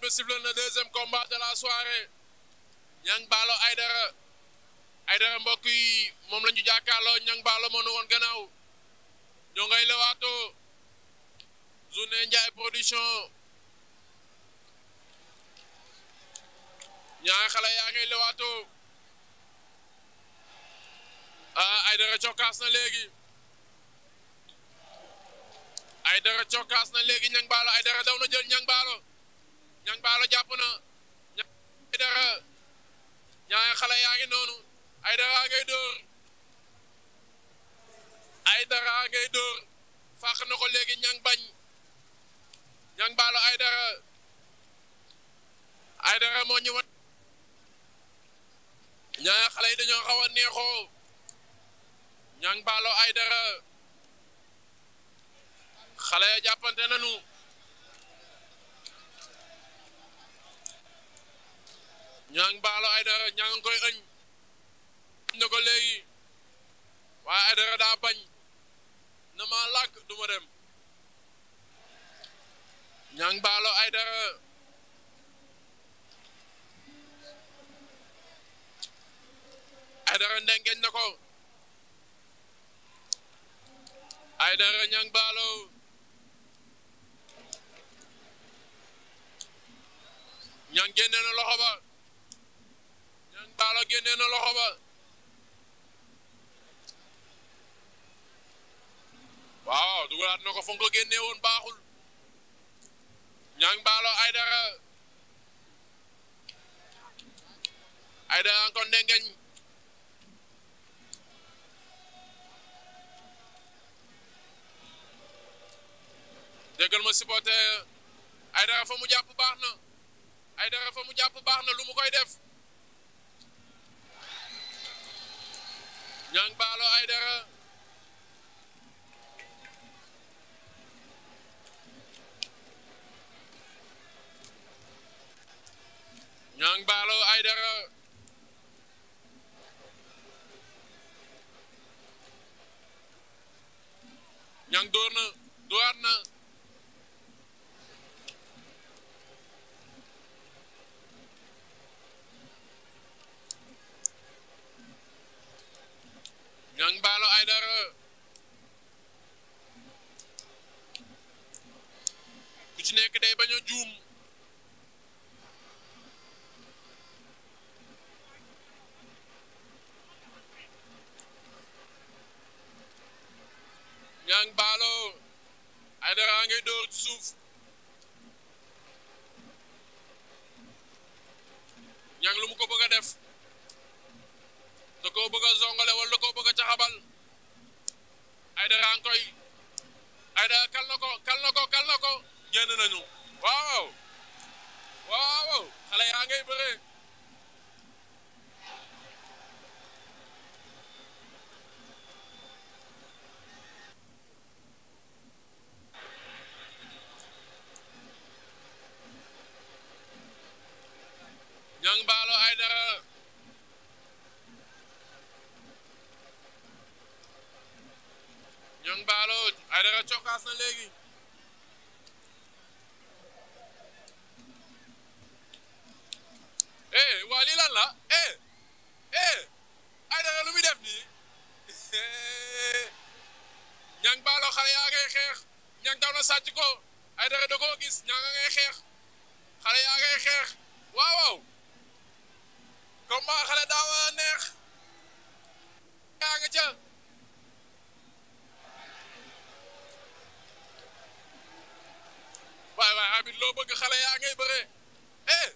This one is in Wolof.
arbitre bi siffle le deuxième combat de la soirée Niang Ballo Aidara Aidara mbokk yi moom la ñu jàkkaarloo Niang Ballo moo nu woon gannaaw ñoo ngay lewaatoo journée Ndiaye production ñaari xale yaa ngay lewaatoo ah Aidara cokkaas na léegi Aidara cokkaas na léegi Niang Ballo Aidara daw na jël Niang Ballo ñang baalo jàpp xale yaa ngi noonu ay dara ngay dóor ay dara ngay dóor fàq na ko léegi ñang bañ ñang baalo ay dara ay dara moo ñu wat ñaari xale yi dañoo xaw a neexoo ñang baalo ay dara xale ya jàppante nañu ñaa baalo ay dara ñaa ngi koy ëñ na ko léegi waaye ay dara daa bañ na ma dem ñaa baalo ay dara ay dara ay dara ñaa baalo ñaa ngi loxo ba Talla génnee na loxo ba waaw dugalaat na ko fa nga ko génnee woon baaxul ñang baalo Aydara Aydara encore ndengeñ déggal ma supporter fa mu jàpp baax na Aydara fa mu jàpp baax na lu mu koy def ñang baalo ay dara ñang baalo ay dara ñang door na doar na nang baalo ay dara ku ci nekk day bañ a juum ay dara ngay dóor suuf ñang lu mu ko bëgg a def da koo a Aydara a koy Aydara kal na ko kal na ko kal na ko génn nañu waaw waaw xale yaa ngay bëree Tidiane Balo Aidara cokkaas na léegi eh waa lii lan la eh eh lu muy def nii Niang Balo xale yaa ngay xeex Niang daw na sàcc ko Aidara da koo Niang a ngay xeex yaa ngay xeex waaw waaw comme abit loo bëgg xale yaa ngay bëree eh